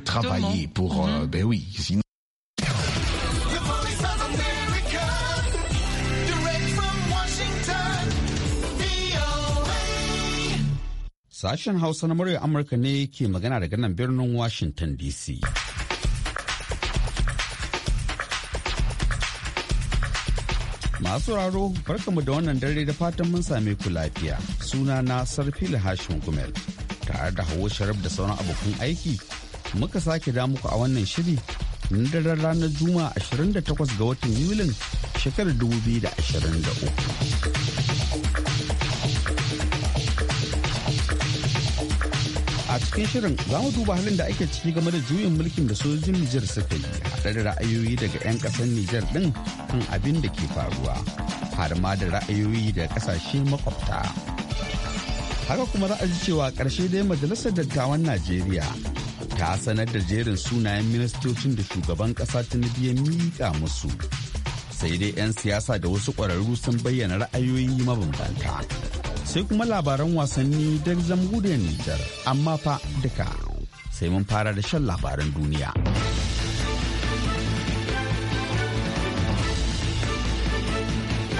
travailler pour... Euh, mhm. ben oui, sinon... Sashen Hausa na murya Amurka ne ke magana daga nan birnin Washington DC. Masu raro barkamu da wannan dare da fatan mun same ku lafiya. Suna na Sarfila Hashim Gumel tare da hawo Sharif da sauran abokan aiki muka sake da muku a wannan shiri na daren ranar Juma'a 28 ga watan Yulin shekarar 2023. a cikin shirin za mu duba halin da ake ciki game da juyin mulkin da sojojin Nijar suka yi haɗe da ra'ayoyi daga 'yan ƙasar Nijar ɗin kan abin da ke faruwa har ma da ra'ayoyi da ƙasashe makwabta. Haka kuma za a ji cewa ƙarshe dai majalisar dattawan Najeriya ta sanar da jerin sunayen ministocin da shugaban ƙasa tinubu ya miƙa musu sai dai 'yan siyasa da wasu ƙwararru sun bayyana ra'ayoyi mabambanta sai kuma labaran wasanni da zamburiyar nijar amma fa duka sai mun fara da shan labaran duniya.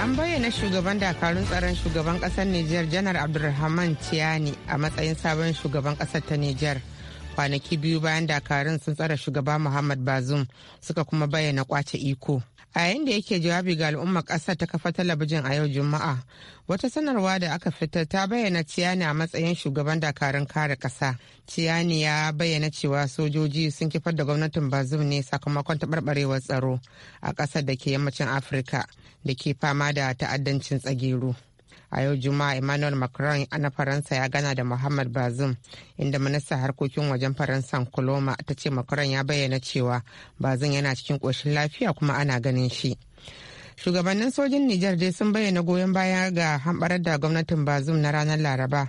an bayyana shugaban dakarun tsaron shugaban kasar Nijar janar Abdulrahman Tiani a matsayin sabon shugaban kasar ta Nijar. kwanaki biyu bayan dakarun sun tsara shugaba muhammad bazum suka kuma bayyana kwace iko a yayin da yake jawabi ga al'ummar ƙasar ta kafa talabijin a yau juma'a wata sanarwa da aka fitar ta bayyana ciyani a matsayin shugaban dakarun kare ƙasa ciyani ya bayyana cewa sojoji sun kifar da gwamnatin bazum ne sakamakon taɓarɓarewar tsaro a ƙasar da ke yammacin afirka da ke fama da ta'addancin tsagero a yau juma'a emmanuel macron na faransa ya gana da muhammad bazum inda ministan harkokin wajen faransan coloma ta ce macron ya bayyana cewa bazum yana cikin koshin lafiya kuma ana ganin shi shugabannin sojin Nijar dai sun bayyana goyon baya ga hamɓarar da gwamnatin Bazum na ranar Laraba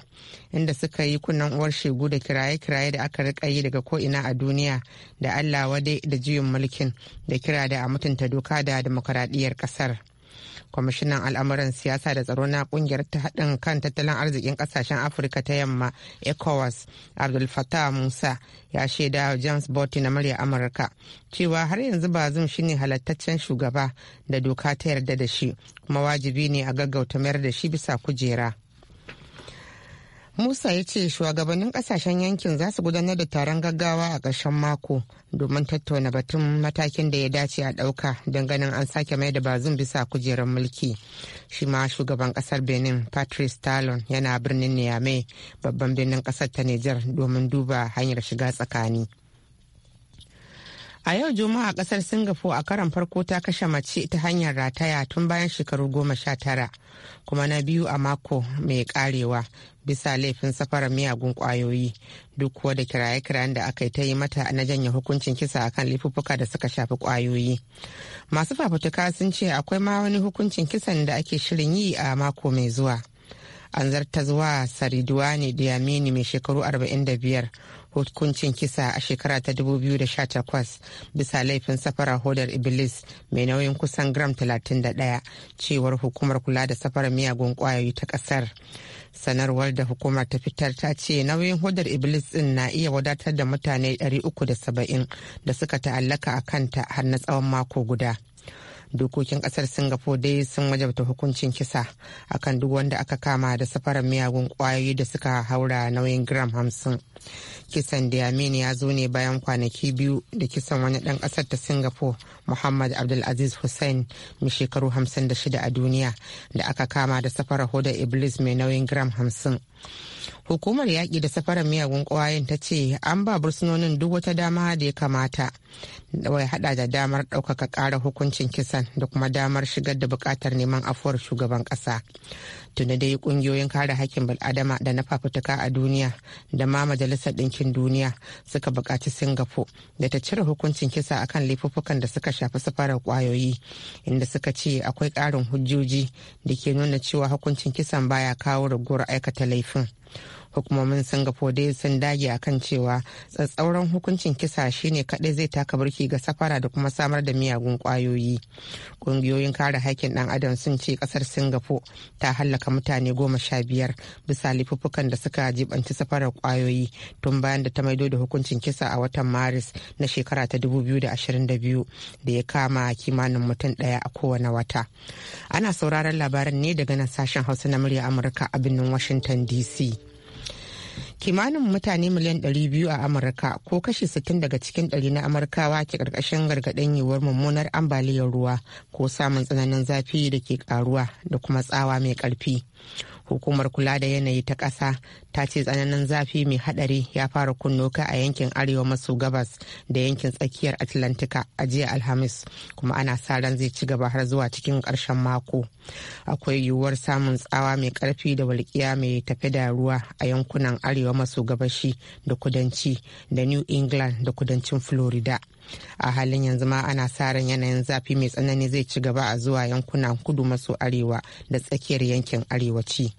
inda suka yi kunnen uwar shegu da kiraye-kiraye da aka rika yi daga ko'ina a duniya da Allah wade da juyin mulkin da kira da a mutunta doka da demokaradiyyar ƙasar. kwamishinan al'amuran siyasa da tsaro na kungiyar ta haɗin kan tattalin arzikin ƙasashen afirka ta yamma ecowas abdul musa ya shaida james botti na murya amurka cewa har yanzu shi ne halattaccen shugaba da doka ta yarda da shi kuma wajibi ne a gaggauta mayar da shi bisa kujera Musa ya ce shugabannin kasashen yankin za su gudanar da taron gaggawa a ƙarshen mako domin tattauna batun matakin da ya dace a ɗauka don ganin an sake mai da bazin bisa kujerar mulki. Shi ma shugaban ƙasar Benin Patrice Talon yana birnin Niamey babban birnin ƙasar ta Nijar domin duba hanyar shiga tsakani. A yau Juma'a kasar Singapore a karan farko ta kashe mace ta hanyar rataya tun bayan shekaru goma sha tara kuma na biyu a mako mai karewa bisa laifin safarar miyagun kwayoyi duk kuwa da kiraye-kirayen da aka yi ta yi mata na janye hukuncin kisa akan lifuffuka da suka shafi kwayoyi. Masu fafutuka sun ce akwai ma wani hukuncin kisan da ake shirin yi a mako mai zuwa. An zarta zuwa Sariduwa ne shekaru mai shekaru biyar. hukuncin kisa a shekara ta 2018 bisa laifin safara hodar iblis mai nauyin kusan gram 31 cewar hukumar kula da safarar miyagun kwayoyi ta kasar sanarwar da hukumar ta fitar ta ce nauyin hodar iblis din na iya wadatar da mutane 370 da suka ta'allaka a kanta har na tsawon mako guda. dokokin kasar singapore dai sun wajabta hukuncin kisa akan duk wanda aka kama da safarar miyagun kwayoyi da suka haura nauyin gram hamsin kisan da diamine ya zo ne bayan kwanaki biyu da kisan wani dan kasar ta singapore muhammad abdulaziz hussein mai shekaru hamsin da shida a duniya da aka kama da safarar hoda iblis mai nauyin gram hamsin hukumar yaƙi da safarar miyagun kwayoyin ta ce an ba bursunonin duk wata dama da ya kamata ya hada da damar daukaka ƙara hukuncin kisan da kuma damar shigar da bukatar neman afuwar shugaban kasa tunda dai kungiyoyin kare hakkin bil'adama da na fafutuka a duniya da ma majalisar ɗinkin duniya suka buƙaci singapore da ta cire hukuncin kisa akan laifuffukan da suka shafi safarar kwayoyi inda suka ce akwai ƙarin hujjoji da ke nuna cewa hukuncin kisan baya kawo raguwar aikata laifin hukumomin singapore dai sun dage a kan cewa tsatsauran hukuncin kisa shine kadai zai taka birki ga safara da kuma samar da miyagun kwayoyi kungiyoyin kare haƙƙin dan adam sun ce kasar singapore ta hallaka mutane goma sha biyar bisa lifuffukan da suka jibanci safarar kwayoyi tun bayan da ta maido da hukuncin kisa a watan maris na shekara ta 2022 da ya kama kimanin mutum daya a kowane wata ana sauraron labaran ne daga nan sashen hausa na murya amurka a birnin washington dc kimanin mutane miliyan 200 a amurka ko kashi 60 daga cikin ɗari na amurkawa ke ƙarƙashin gargaɗin yiwuwar mummunar ambaliyar ruwa ko samun tsananin zafi da ke karuwa da kuma tsawa mai ƙarfi hukumar kula da yanayi ta ƙasa ta ce tsananin zafi mai hadari ya fara kunno a yankin arewa maso gabas da yankin tsakiyar atlantika a jiya alhamis kuma ana sa ran zai ci gaba har zuwa cikin karshen mako akwai yiwuwar samun tsawa mai karfi da walƙiya mai tafi da ruwa a yankunan arewa maso gabashi da kudanci da new england da kudancin florida a halin yanzu ma ana sa ran yanayin zafi mai tsanani zai ci gaba a zuwa yankunan kudu maso arewa da tsakiyar yankin arewaci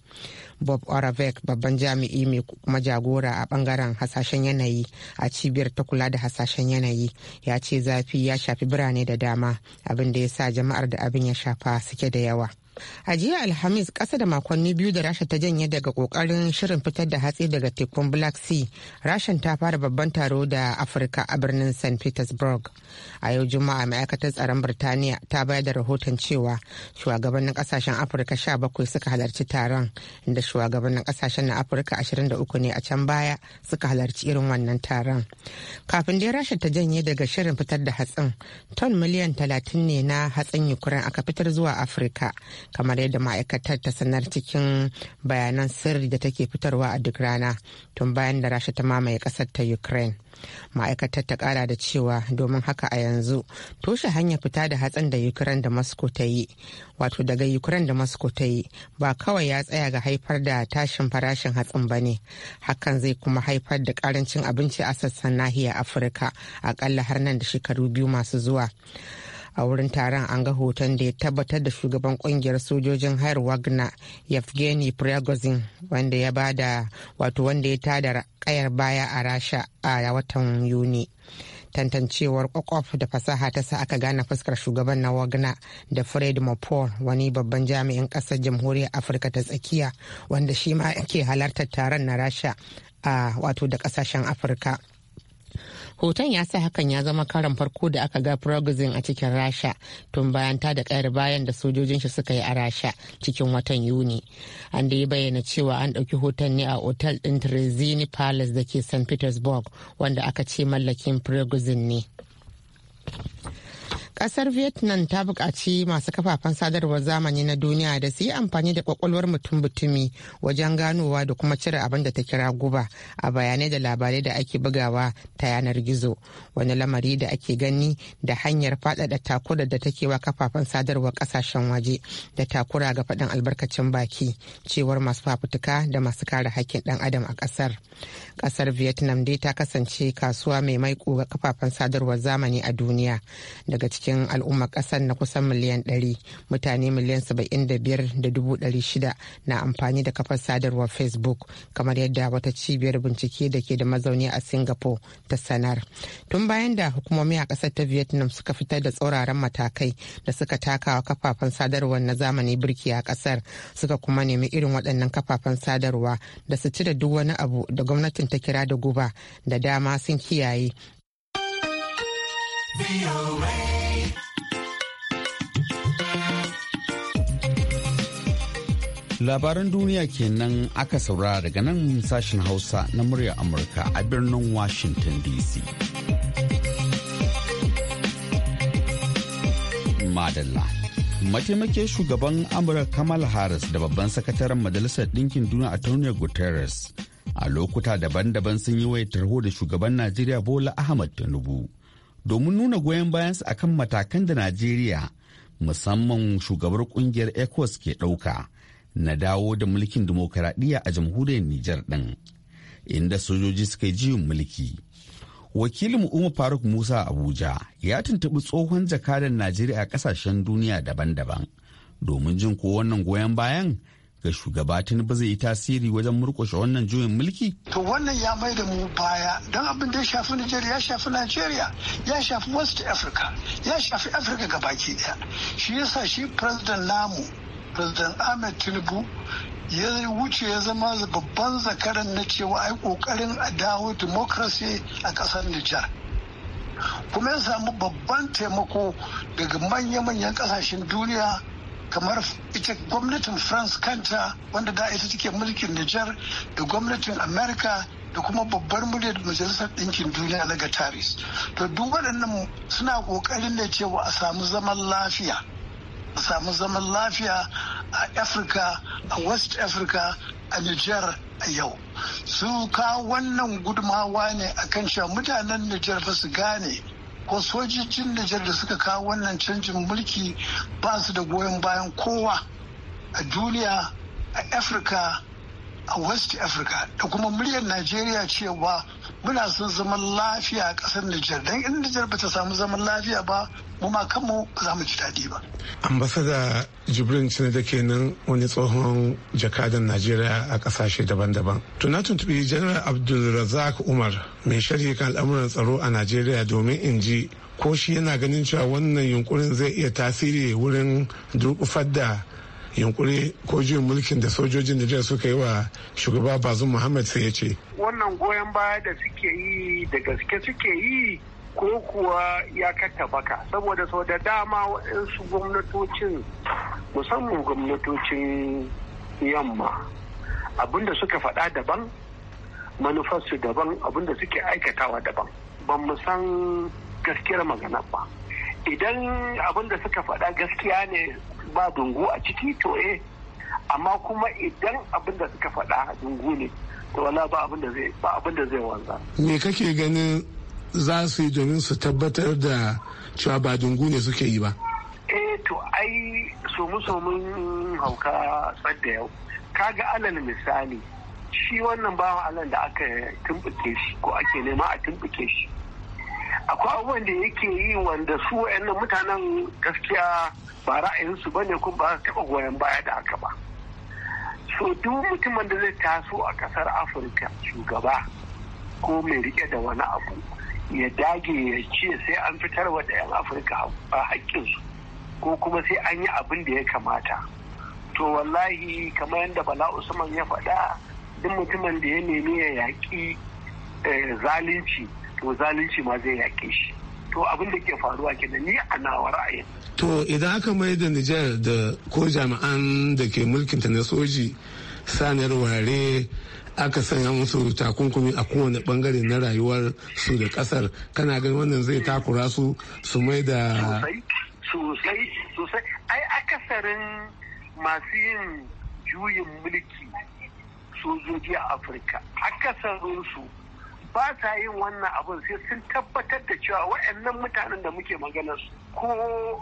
bob oravec babban jami'i mai kuma jagora a bangaren hasashen yanayi a cibiyar ta kula da hasashen yanayi ya ce zafi ya shafi birane da dama abin da ya sa jama'ar da abin ya shafa suke da yawa A jiya Alhamis ƙasa da makonni biyu da Rasha ta janye daga kokarin shirin fitar da hatsi daga tekun Black Sea, rashin ta fara babban taro da Afirka a birnin St. Petersburg. A yau Juma'a ma'aikatar tsaron Birtaniya ta bayar da rahoton cewa shugabannin kasashen Afirka sha bakwai suka halarci taron, inda shugabannin kasashen na Afirka ashirin da uku ne a can baya suka halarci irin wannan taron. Kafin dai Rasha ta janye daga shirin fitar da hatsin, ton miliyan talatin ne na hatsin Ukraine aka fitar zuwa Afirka. kamar yadda ma'aikatar ta sanar cikin bayanan sirri da take fitarwa a duk rana tun bayan da rasha ta mamaye kasar ta ukraine ma'aikatar ta kara da cewa domin haka a yanzu toshe hanyar fita da hatsin da ukraine da moscow ta yi wato daga ukraine da moscow ta yi ba kawai ya tsaya ga haifar da tashin farashin hatsin ba ne hakan zai kuma haifar da karancin abinci a sassan nahiyar afirka akalla har nan da shekaru biyu masu zuwa a wurin taron an ga hoton da ya tabbatar da shugaban kungiyar sojojin hayar wagner yevgeny prigozhin wanda ya bada wato wanda ya tada kayar baya a rasha a watan yuni tantancewar kwakwaf da fasaha ta sa aka gane fuskar shugaban na wagner da fred mopor wani babban jami'in kasar jamhuriyar afirka ta tsakiya wanda shi ma ke halartar taron na rasha a wato da kasashen afirka hoton ya sa hakan ya zama karan farko da aka ga progozin a cikin rasha tun bayan ta da kayar bayan da sojojin shi suka yi a rasha cikin watan yuni an da ya bayyana cewa an ɗauki hoton ne a otal ɗin trezini palace da ke st petersburg wanda aka ce mallakin progozin ne Kasar Vietnam ta buƙaci masu kafafen sadarwar zamani na duniya da su yi amfani da kwakwalwar mutum mutumi wajen ganowa da kuma cire abin da ta kira guba a bayanai da labarai da ake bugawa ta yanar gizo. Wani lamari da ake gani da hanyar faɗaɗa takurar da take wa kafafen sadarwar ƙasashen waje da takura ga faɗin albarkacin baki cewar masu fafutuka da masu kare hakkin ɗan adam a ƙasar. Ƙasar Vietnam dai ta kasance kasuwa mai maiko ga kafafen sadarwar zamani a duniya daga cikin cikin al'ummar kasar na kusan miliyan 100 mutane miliyan 75,600 na amfani da kafar sadarwar facebook kamar yadda wata cibiyar bincike da ke da mazauni a singapore ta sanar tun bayan da hukumomi a kasar ta vietnam suka fitar da tsauraran matakai da suka takawa kafafen sadarwar na zamani birki a kasar suka kuma nemi irin waɗannan kafafen sadarwa da su cire duk wani abu da gwamnatin ta kira da guba da dama sun kiyaye Labaran duniya kenan aka saurara daga nan sashen Hausa na murya Amurka a birnin Washington DC. Madalla. mataimake shugaban Amurka Kamal Harris da babban sakataren Majalisar Ɗinkin Duniya Antonio Guterres a lokuta daban-daban sun yi wayar tarho da shugaban Najeriya Bola Ahmad Tinubu. domin nuna goyon bayansu akan matakan da Najeriya musamman shugabar kungiyar ECOWAS ke ɗauka na dawo da mulkin dimokuraɗiyya a jamhuriyar Nijar ɗin, inda sojoji suka yi jiyin mulki. Wakilin Umar Faruk Musa Abuja ya tuntuɓi tsohon jakadan Najeriya a ƙasashen duniya daban-daban domin jin ko wannan goyon bayan ga shugaba tinubu zai yi tasiri wajen murkushe wannan juyin mulki to wannan ya mai da mu baya don abin da ya shafi nigeria ya shafi nigeria ya shafi west africa ya shafi africa baki daya shi yasa shi president namu president ahmed tinubu ya wuce ya zama babban zakaran na cewa ai kokarin a dawo democracy a kasar nijar kuma ya samu babban taimako daga manya-manyan kasashen duniya kamar ita gwamnatin france kanta wanda da ita take mulkin niger da gwamnatin america da kuma babbar muryar majalisar ɗinkin duniya daga taris to duk waɗannan suna ƙoƙarin da cewa a samu zaman lafiya a samu zaman lafiya a afirka a west africa a niger a yau su ka wannan gudumawa ne akan cewa mutanen niger fa su gane ko sojojin Nijar da suka kawo wannan canjin mulki ba su da goyon bayan kowa a duniya a Afirka a west africa da kuma muryar najeriya cewa muna son zaman lafiya a kasar nijar don in nijar bata samu zaman lafiya ba mu ma kanmu ba za mu ji daɗi ba. ambasada jibrin cin da nan wani tsohon jakadan najeriya a kasashe daban-daban tuna tuntubi Abdul abdulrazak umar mai sharhi kan al'amuran tsaro a najeriya domin in ji ko shi yana ganin cewa wannan yunkurin zai iya tasiri wurin durkufar da yunkuri ko juyin mulkin da sojojin Nijar suka yi wa shugaba Bazum Muhammad sai ya ce. Wannan goyon baya da suke yi da gaske suke yi ko kuwa ya kata baka saboda sau da dama waɗansu gwamnatocin musamman gwamnatocin yamma abinda suka faɗa daban manufarsu daban abinda suke aikatawa daban ban mu san gaskiyar magana ba idan abin da suka faɗa gaskiya ne ba dungu a ciki to eh amma kuma idan abin da suka faɗa dungu ne to wala ba abin da zai ba abin da zai wanza me kake ganin za su yi domin su tabbatar da cewa ba dungu ne suke yi ba eh to ai somu-somun hauka da yau kaga alal misali shi wannan bawan alal da aka tumbuke shi ko ake nema a tumbuke shi akwai abubuwan da yake yi wanda su wa mutanen gaskiya ba ra'ayinsu ba ne kuma ba su taɓa goyon baya da haka ba so duk mutumin da zai taso a ƙasar afirka shugaba ko mai rike da wani abu ya dage ya ce sai an fitar wa da 'yan afirka a haƙƙinsu ko kuma sai an yi abin da ya kamata to wallahi kamar yadda bala usman ya faɗa duk mutumin da ya nemi ya yaƙi eh, zalunci to zalunci ma zai yake shi to abin da ke faruwa kenan ni a nawa ra'ayin to idan aka mai da Nijar da ko jami'an da ke mulkin ta na soji sanar ware aka sanya musu takunkumi a kowane bangare na rayuwar su da kasar kana ganin wannan zai takura su su mai da sosai sosai ai akasarin masu yin juyin mulki sojoji a afirka akasarin su ba ta yin wannan abin sai sun tabbatar da cewa waɗannan mutanen da muke maganar su ko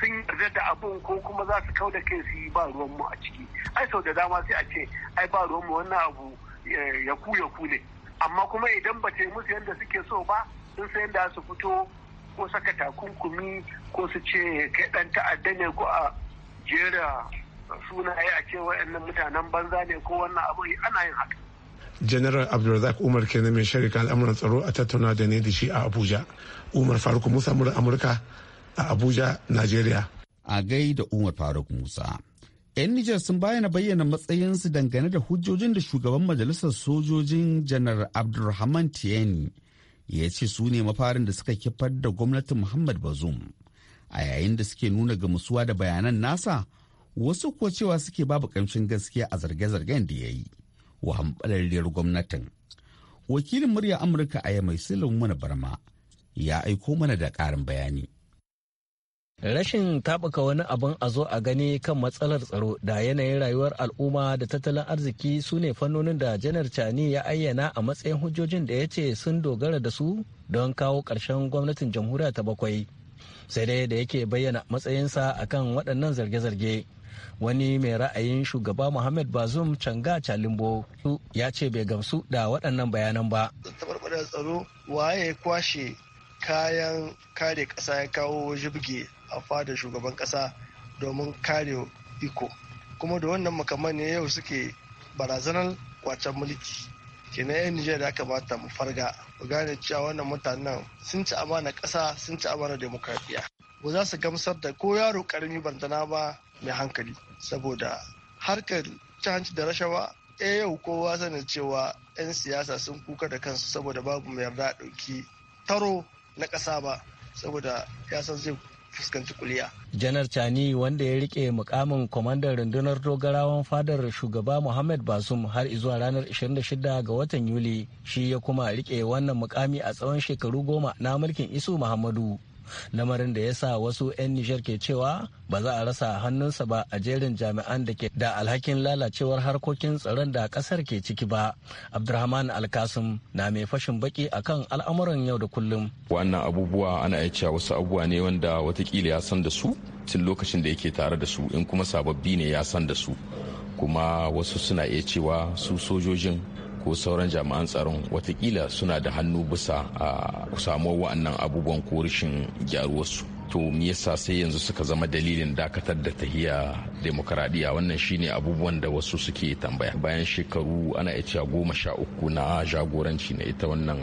sun yarda da abin ko kuma za su kau da kai su yi ba ruwanmu a ciki ai sau da dama sai a ce ai ba ruwanmu wannan abu eh, ya ku ya ku ne amma kuma idan ba yi musu yadda suke so ba sun san yadda su fito ko saka takunkumi ko su ce kai dan ta'adda ne ko a jera sunaye a ce waannan mutanen banza ne ko wannan abu ana yin haka general abdulrazak umar kenan mai sharika al'amuran tsaro a tattauna da ne da shi a abuja umar faruk musa mura amurka a abuja nigeria a da umar faruk musa 'yan Nijar sun bayyana bayyana matsayinsu dangane da hujjojin da shugaban majalisar sojojin janar Abdulrahman Tiani ya ce su ne mafarin da suka kifar da gwamnatin Muhammad Bazum. A yayin da suke nuna gamsuwa da bayanan nasa, wasu kuwa cewa suke babu kamshin gaskiya a zarge-zargen da ya yi. wa hamɓararriyar gwamnatin. Wakilin murya Amurka a Yamai mana Barma ya aiko mana da ƙarin bayani. Rashin taɓuka wani abin a zo a gani kan matsalar tsaro da yanayin rayuwar al'umma da tattalin arziki su ne fannonin da janar Cani ya ayyana a matsayin hujjojin da ya ce sun dogara da su don kawo ƙarshen gwamnatin jamhuriya ta bakwai. Sai dai da yake bayyana matsayinsa akan waɗannan zarge-zarge. wani mai ra'ayin shugaba muhammad bazum canga calimbo ya ce bai gamsu da waɗannan bayanan ba taɓarɓarar tsaro waye ya kwashe kayan kare ƙasa ya kawo jibge a fada shugaban ƙasa domin kare iko kuma da wannan makamman ne yau suke barazanar kwacen mulki kenan yan nijar ya kamata mu farga mu gane cewa wannan mutanen sun ci amana ƙasa sun ci amana demokradiyya ba za su gamsar da ko yaro karami bandana ba mai hankali saboda harkar hanci da rashawa e yau kowa sanin cewa 'yan siyasa sun kuka da kansu saboda babu mai yarda ɗauki taro na ƙasa ba saboda ya san zai fuskanci kuliya. janar chani wanda ya rike mukamin kwamandan rundunar dogarawan fadar shugaba muhammad basum har izuwa ranar 26 ga watan yuli shi ya kuma rike wannan mukami a tsawon shekaru goma na mulkin isu muhammadu lamarin da ya sa wasu 'yan Nijar ke cewa ba za a rasa hannunsa ba a jerin jami'an da ke da alhakin lalacewar harkokin tsaron da kasar ke ciki ba. Abdurrahman Alkasim na mai fashin baki akan al'amuran yau da kullum. Wannan abubuwa ana iya cewa wasu abubuwa ne wanda watakila ya san da su tun lokacin da yake tare da su in kuma sababbi ne ya san da su. Kuma wasu suna iya cewa su sojojin ko sauran jami'an tsaron watakila suna da hannu bisa a samuwar wa'annan abubuwan ko rashin gyaruwarsu to me yasa sai yanzu suka zama dalilin dakatar da tahiya demokaradiyya wannan shine abubuwan da wasu suke tambaya bayan shekaru ana iya cewa goma sha uku na jagoranci na ita wannan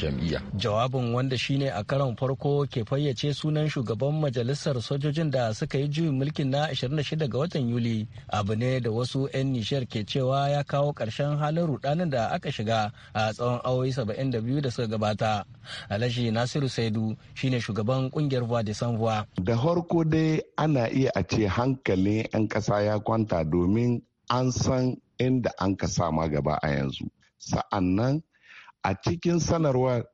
jam'iyya jawabin wanda shine a karon farko ke fayyace sunan shugaban majalisar sojojin da suka yi juyin mulkin na 26 ga watan yuli abu ne da wasu 'yan nishiyar ke cewa ya kawo karshen halin rudanin da aka shiga a tsawon awoyi 72 da suka gabata alhaji nasiru saidu shine shugaban kungiyar voa sanwa. Da farko dai ana iya a ce hankalin 'yan ƙasa ya kwanta domin an san inda an ka sama gaba a yanzu. Sa'annan a cikin sanarwar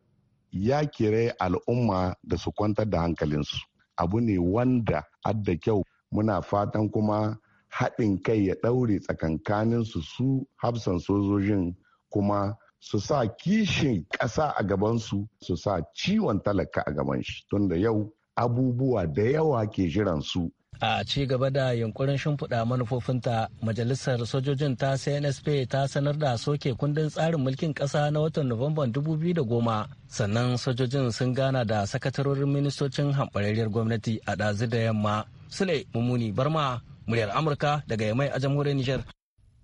ya kire al'umma da su kwantar da hankalinsu. Abu ne wanda adda kyau muna fatan kuma haɗin kai ya ɗaure tsakankaninsu su hafsan sojojin kuma su sa kishin ƙasa a gabansu su sa ciwon talaka a gaban shi tunda yau abubuwa da yawa ke jiran su a ci gaba da yunkurin shimfiɗa manufofinta majalisar sojojin ta cnsp ta sanar da soke kundin tsarin mulkin ƙasa na watan nuwamban 2010 sannan sojojin sun gana da sakatarorin ministocin hamɓararriyar gwamnati a ɗazu da yamma sule mummuni barma muryar amurka daga yamai a jamhuriyar nijar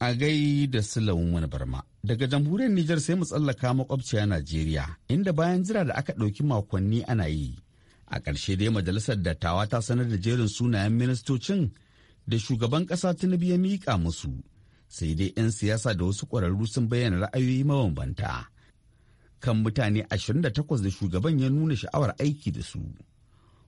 a gai da wani barma daga jamhuriyar nijar sai mu tsallaka makwabciya najeriya inda bayan jira da aka ɗauki makonni ana yi a ƙarshe dai majalisar dattawa ta sanar da jerin sunayen ministocin da shugaban ƙasa tinubu ya miƙa musu sai dai 'yan siyasa da wasu ƙwararru sun bayyana ra'ayoyi mabambanta kan mutane 28 da shugaban ya nuna sha'awar aiki da su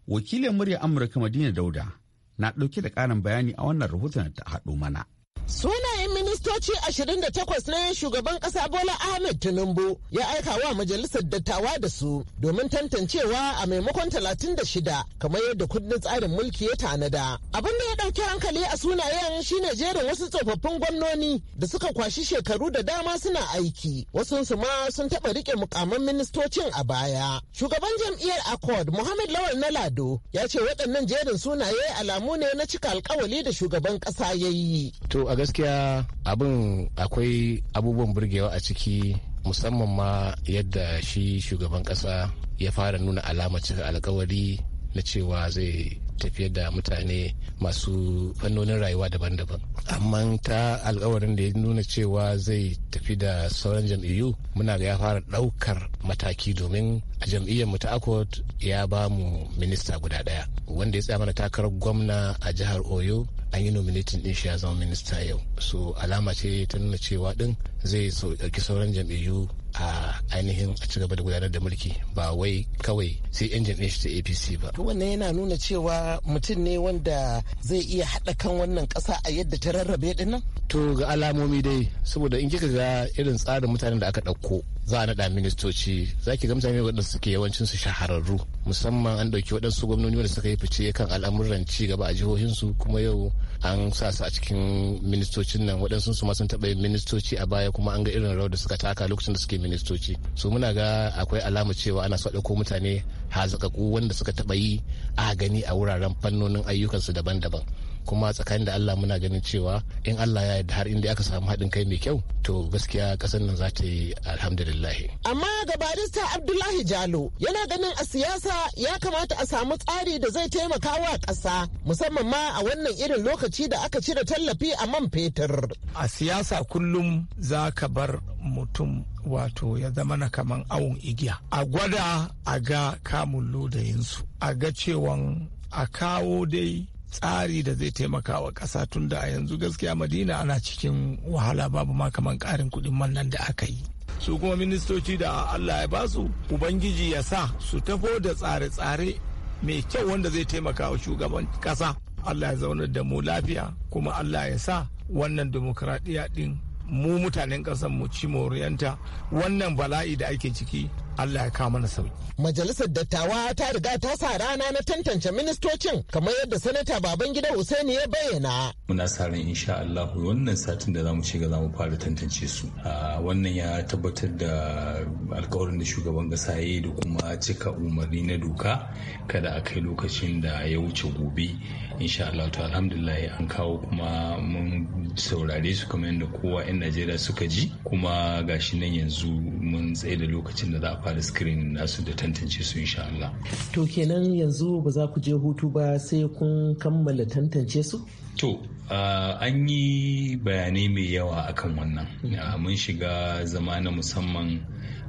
wakilin murya amurka madina dauda na ɗauke da ƙarin bayani a wannan rahoton ta haɗo mana sunayen Ministoci 28 na shugaban ƙasa Bola Ahmed Tinubu ya aika wa majalisar dattawa da su domin tantancewa a maimakon 36 kamar yadda kundin tsarin mulki ya tanada. Abin da ya dauki hankali a sunayen shine jerin wasu tsofaffin gwamnoni da suka kwashi shekaru da dama suna aiki. Wasu su ma sun taɓa rike mukaman ministocin a baya. Shugaban jam'iyyar Accord Muhammad Lawal na Lado ya ce waɗannan jerin sunaye alamu ne na cika alkawali da shugaban ƙasa ya yi. gaskiya abin akwai abubuwan burgewa a ciki musamman ma yadda shi shugaban kasa ya fara nuna alamar cika alkawari na cewa zai tafiyar da mutane masu fannonin rayuwa daban-daban amma ta alkawarin da ya nuna cewa zai tafi da sauran jam'iyyu muna ga ya fara daukar mataki domin a jam'iyyar mu ta akwad ya ba mu minista guda daya wanda ya tsaya mana takarar gwamna a jihar oyo an yi nominating din shi ya zama minista yau so alama ce ta nuna cewa din zai dauki sauran jam'iyyu a ainihin a ci gaba da gudanar da mulki ba wai kawai sai yan jam'iyyar ta apc ba to wannan yana nuna cewa mutum ne wanda zai iya haɗa kan wannan ƙasa a yadda ta rarrabe dinnan to ga alamomi dai saboda in kika ga irin tsarin mutanen da aka ɗauko za a naɗa ministoci za ki gamsa ne waɗanda suke yawancin su shahararru musamman an ɗauki waɗansu gwamnoni wanda suka yi fice kan al'amuran ci gaba a jihohinsu kuma yau an sa su a cikin ministocin nan waɗansu su ma sun taɓa yin ministoci a baya kuma an ga irin rawar da suka taka lokacin da suke ministoci su muna ga akwai alama cewa ana so ɗauko mutane hazakaku wanda suka taɓa yi a gani a wuraren fannonin ayyukansu daban-daban kuma tsakanin da Allah muna ganin cewa in Allah ya yarda har inda aka samu haɗin kai mai kyau to gaskiya ƙasar nan za ta yi alhamdulillah. Amma ga barista Abdullahi Jalo yana ganin a siyasa ya kamata a samu tsari da zai taimaka wa ƙasa musamman ma a wannan irin lokaci da aka cire tallafi a man fetur. A siyasa kullum za ka bar mutum wato ya zama na kaman awon igiya. A gwada a ga kamun lodayinsu, a ga cewan a kawo dai tsari da zai taimaka wa ƙasa tun da a yanzu gaskiya madina ana cikin wahala babu ma kaman ƙarin kuɗin man da aka yi su kuma ministoci da allah ya basu ubangiji ya sa su tafo da tsare-tsare mai kyau wanda zai taimaka wa shugaban ƙasa allah ya zaunar da mu lafiya kuma allah ya sa wannan dimokuraɗiyya din mu mutanen ƙasar mu ci moriyanta wannan bala'i da ake ciki Allah ya kawo mana sauki. Majalisar dattawa ta riga ta sa rana na tantance ministocin kamar yadda sanata Babangida Hussaini ya bayyana. Muna sa ran insha Allah wannan satin da zamu shiga zamu fara tantance su. Wannan ya tabbatar da alkawarin da shugaban kasa ya yi da kuma cika umarni na doka kada a kai lokacin da ya wuce gobe. Insha Allah to alhamdulillah an kawo kuma mun saurare su kamar yadda kowa 'yan Najeriya suka ji kuma gashi nan yanzu mun tsaye da lokacin da za a fara screening nasu da tantance su insha Allah. To kenan yanzu ba za ku je hutu ba sai kun kammala tantance su? To, an yi bayanai mai yawa akan wannan. Uh, mun shiga zama na musamman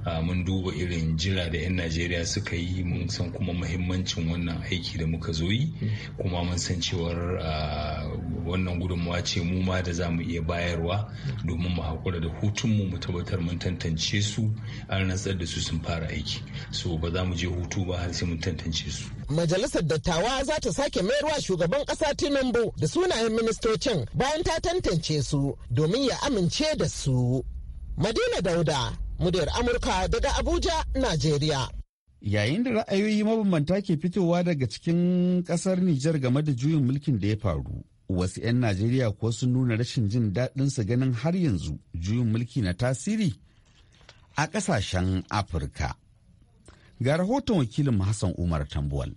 uh, mun duba irin jira da 'yan Najeriya suka yi mun san kuma muhimmancin wannan aiki da muka zo yi mhm. kuma mun san cewar wannan gudunmawa ce mu ma da zamu iya bayarwa domin mu haƙura da hutunmu mu tabbatar mun tantance su an rantsar da su sun fara aiki so ba za mu je hutu ba har sai mun tantance su majalisar dattawa za ta sake mayarwa shugaban kasa tinubu da sunayen ministocin bayan ta tantance su domin ya amince da su madina dauda muryar amurka daga abuja najeriya yayin da ra'ayoyi mabambanta ke fitowa daga cikin kasar Nijar game da juyin mulkin da ya faru. wasu 'yan najeriya ko sun nuna rashin jin daɗin su ganin har yanzu juyin mulki na tasiri a ƙasashen afirka ga rahoton wakilin hassan umar tambuwal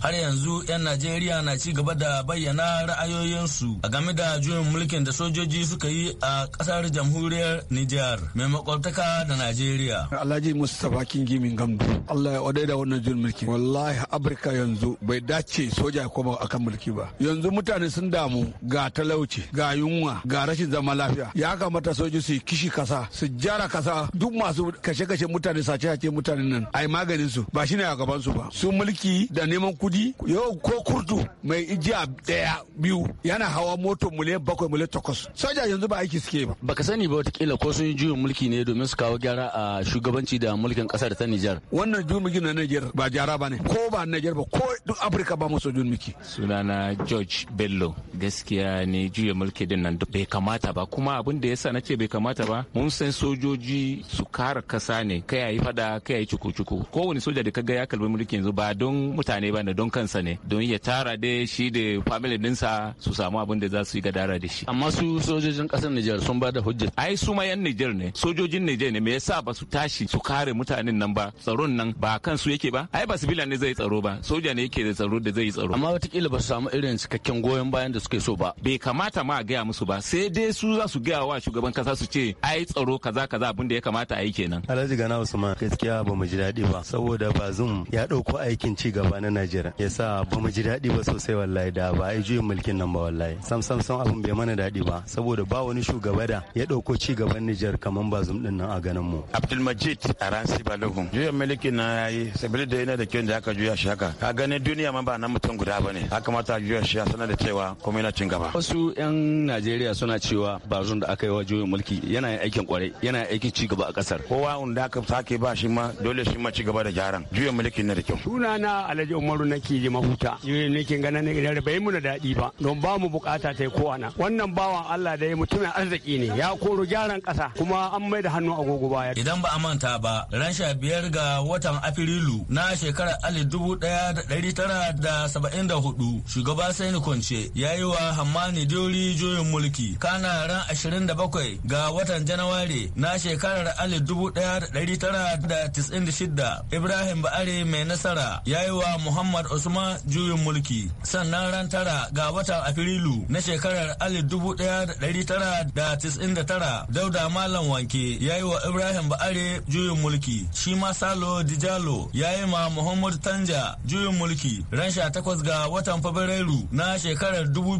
har yanzu 'yan najeriya na ci gaba da bayyana ra'ayoyinsu a game da juyin mulkin da sojoji suka yi a kasar jamhuriyar nijar mai makwabtaka da najeriya alhaji mustapha kingi min gamdu allah ya wadai da wannan juyin mulki wallahi afirka yanzu bai dace soja ya koma akan mulki ba yanzu mutane sun damu ga talauci ga yunwa ga rashin zama lafiya ya kamata soji su kishi kasa su jara kasa duk masu kashe-kashe mutane sace-sace mutanen nan ai maganin su ba ne a gaban ba su mulki da neman yahudi yau ko kurdu mai ijiya daya biyu yana hawa moto miliyan bakwai miliyan takwas soja yanzu ba aiki suke ba baka sani ba watakila ko sun yi juyin mulki ne domin su kawo gyara a shugabanci da mulkin kasar ta nijar wannan juyin mulki na nijar ba gyara ba ne ko ba nijar ba ko duk afirka ba masu juyin mulki sunana george bello gaskiya ne juyin mulki din nan bai kamata ba kuma abin da yasa nace bai kamata ba mun san sojoji su kara kasa ne kai yayi fada kai yayi cuku-cuku kowane soja da ga ya kalbi mulki yanzu ba don mutane ba ne don kansa ne don ya tara da shi da family dinsa su samu abin da za su yi gadara da shi amma su sojojin kasar Nijar sun ba da hujja ai su ma yan Nijar ne sojojin Nijar ne me yasa ba su tashi su kare mutanen nan ba tsaron nan ba kan su yake ba ai ba civilian ne zai tsaro ba soja ne yake da tsaro da zai tsaro amma watakila ba su samu irin cikakken goyon bayan da suke so ba bai kamata ma a gaya musu ba sai dai su za su gaya wa shugaban kasa su ce ai tsaro kaza kaza abin da ya kamata a yi kenan alhaji gana usman gaskiya ba mu ji daɗi ba saboda bazum ya dauko aikin ci gaba na najeriya ya sa ba mu ji daɗi ba sosai wallahi da ba ai juyin mulkin nan ba wallahi sam sam sam abin bai mana daɗi ba saboda ba wani shugaba da ya ɗauko ci gaban Nijar ba zum din nan a ganin mu Abdulmajid Aransi Balogun juyin mulkin na ya yi sabili da yana da kyau da aka juya shi haka ka gani duniya ma ba nan mutum guda bane haka mata juya shi sanar da cewa kuma yana cin gaba wasu yan Najeriya suna cewa zum da aka yi wa juyin mulki yana yin aikin kware yana aikin ci gaba a kasar kowa wanda aka sake ba shi ma dole shi ma ci gaba da gyaran juyin mulkin na da kyau sunana Alhaji nake ji mahuta ne nake ganin ne da bai mu daɗi ba don ba mu bukata ta ko ana wannan bawan Allah da ya mutumin arziki ne ya koro gyaran ƙasa kuma an mai da hannu agogo baya idan ba a manta ba ran sha biyar ga watan Afrilu na shekarar alif dubu ɗaya da ɗari tara da saba'in da hudu shugaba Sani Kwance ya yi wa Hammani Diori juyin mulki kana ran ashirin da bakwai ga watan Janawari na shekarar alif dubu ɗaya da ɗari tara da tis'in da shidda Ibrahim Ba'are mai nasara ya yi wa Muhammad Muhammad Usman juyin mulki. Sannan ran tara ga watan Afrilu na shekarar 1999 Dauda Malam Wanke ya yi wa Ibrahim Ba'are juyin mulki. Shi ma Salo Dijalo ya yi ma Muhammad Tanja juyin mulki ran sha takwas ga watan Fabrairu na shekarar dubu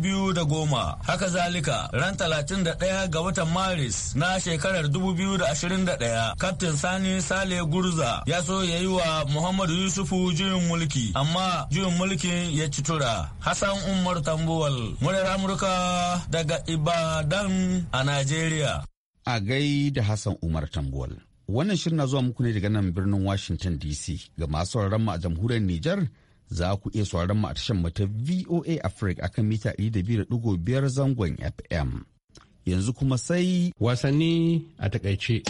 Haka zalika ran talatin da ga watan Maris na shekarar dubu biyu Sani Sale Gurza ya so ya yi wa Muhammadu Yusufu juyin mulki amma juyin mulkin ya ci tura. Hassan Umar Tambuwal, murar Amurka daga Ibadan a Najeriya. A gai da Hassan Umar Tambuwal. Wannan shirin na zuwa muku ne daga nan birnin Washington DC ga masu sauraron mu a jamhuriyar Nijar za ku iya sauraron mu a tashar mata VOA Africa akan mita 200.5 zangon FM. Yanzu kuma sai wasanni a takaice.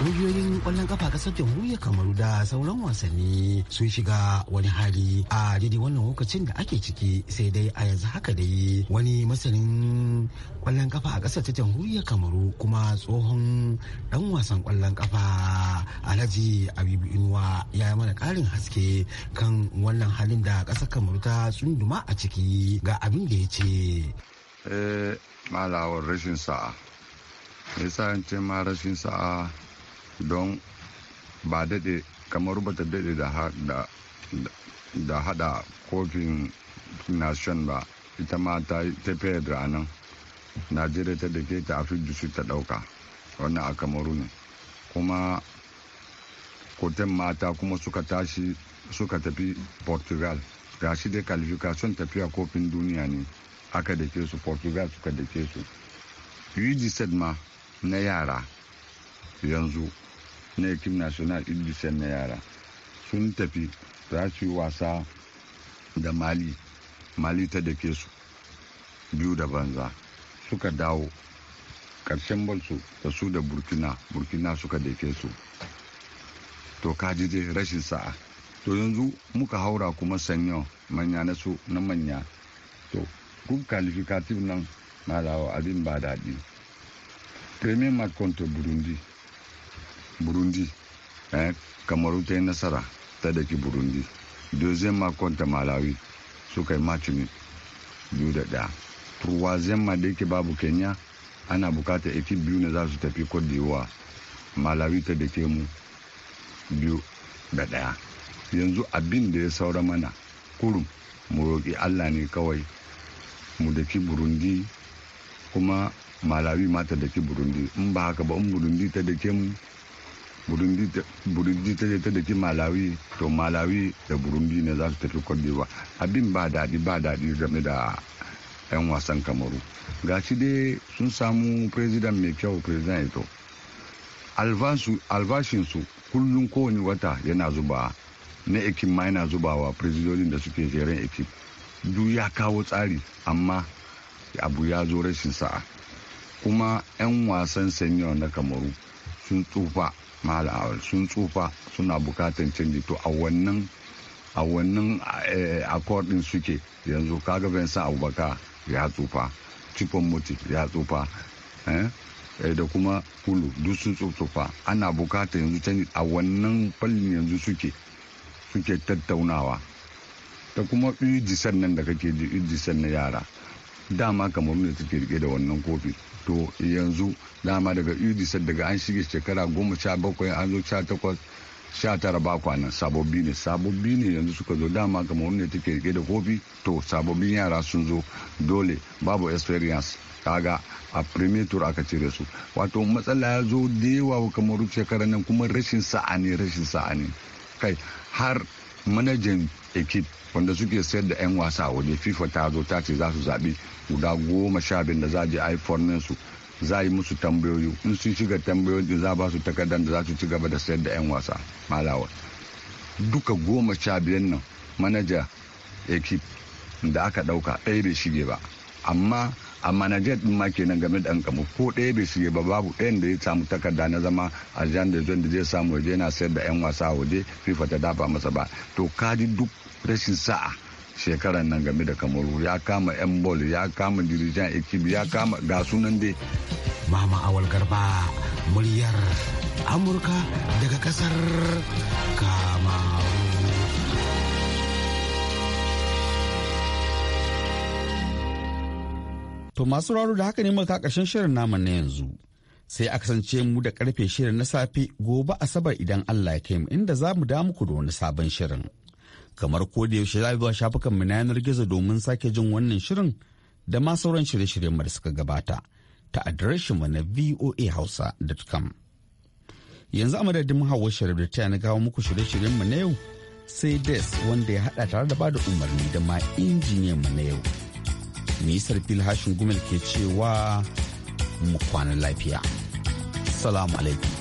Ƙungiyoyin ƙwallon ƙafa ƙasar jamhuriyar Kamaru da sauran wasanni sun shiga wani hali a daidai wannan lokacin da ake ciki sai dai a yanzu haka da dai wani masanin ƙwallon ƙafa a ƙasar ta jamhuriyar Kamaru kuma tsohon ɗan wasan ƙwallon ƙafa Alhaji Abibu Inuwa ya yi mana ƙarin haske kan wannan halin da ƙasar Kamaru ta tsunduma a ciki ga abin da ya ce. Eh, malawar rashin sa'a. Me yasa ce ma rashin sa'a don ba daɗe kamar bata ta daɗe da haɗa kofin nation ba ita ma ta tafiyar da nan najeriya ta da ke ta afirka su ta ɗauka wannan a kamaru ne kuma koten mata kuma suka tashi suka tafi portugal ga shi dai qualification tafiya kofin duniya ne aka da ke su portugal suka da ke su ma na yara yanzu na ekim national idrisen na yara sun tafi za su yi wasa da mali mali ta da su biyu da banza suka dawo ƙarshen balsu da su da burkina burkina suka dake su to kaji dai rashin sa'a to yanzu muka haura kuma sanyo manya na su na manya to group qualificative nan malawa abin ba daɗi premier match contre burundi burundi eh, kamaru ta yi nasara ta daki burundi dozin makon ta malawi suka yi macini biyu da daya turwazen ma da yake babu kenya ana bukata ekip biyu na za su tafi kodewa malawi ta dake mu biyu da daya yanzu abin da ya saura mana kurum mu roƙi allah ne kawai mu daki burundi kuma malawi ma ta daki burundi in ba haka ba in burundi ta dake mu burundi ta zai ta daki malawi to malawi da burundi ne za su tafi ba abin ba daɗi ba daɗi game da 'yan wasan kamaru gashi dai sun samu president mai kyau president ito albashinsu kullum kowane wata yana zuba na ekip ma yana zubawa presidolin da suke jeren ekip duk ya kawo tsari amma abu ya zo rashin sa'a kuma 'yan wasan senior na kamaru sun tsufa malam sun tsufa suna bukatan canji to a wannan a wannan eh, suke yanzu kaga sa Abubakar ya tsufa cikin Moti ya tsufa eh, eh, da kuma Kulu duk sun tsufa ana bukatar yanzu canji a wannan fallin yanzu suke suke tattaunawa ta kuma ijisan nan da kake ji ijisan na yara dama kamar da take rike da wannan kofi to yanzu dama daga udisar daga an shige shekara goma sha bakwai an zo sha takwas sha tara ba kwanan sababbi ne sababbi ne yanzu suka zo dama kamarun da take rike da kofi to sababbin yara sun zo dole babu experience kaga a premier tour aka cire su wato matsala ya zo da yawa kamar shekarar nan kuma rashin sa'ani rashin sa'ani kai har manajan ekip wanda suke sayar da 'yan wasa waje fifa ta zo ta ce za su zaɓi guda goma sha biyar da za je iphone su za a yi musu tambayoyi in sun shiga tambayoyin za ba su takardar da za su ci gaba da sayar da 'yan wasa malawa duka goma sha biyar nan manaja ekip da aka ɗauka ɗaya bai shige ba amma amma jet din ma kenan game da kamu ko ɗaya bai shige ba babu ɗayan da ya samu takarda na zama a jan da zon da zai samu waje yana sayar da 'yan wasa a waje FIFA ta dafa masa ba to kaji duk rashin sa'a shekaran nan game da kamaru ya kama 'yan bol ya kama dirijan ekibi ya kama ga sunan dai mama awal garba muryar amurka daga kasar kamaru To masu raro da haka ne muka ƙarshen shirin naman na yanzu. Sai a kasance mu da karfe shirin na safe gobe asabar idan Allah ya kai mu inda za mu damu ku da wani sabon shirin. Kamar ko da yaushe za zuwa shafukan mu na yanar gizo domin sake jin wannan shirin da ma sauran shirye-shiryen da suka gabata ta adireshin mu na voahausa.com. Yanzu a madadin Hauwa shirin da ta na kawo muku shirye-shiryen mu na yau sai Des wanda ya haɗa tare da bada umarni da ma injiniyan mu na yau. nisar filhashin gumel ke cewa mu kwana lafiya salamu alaikum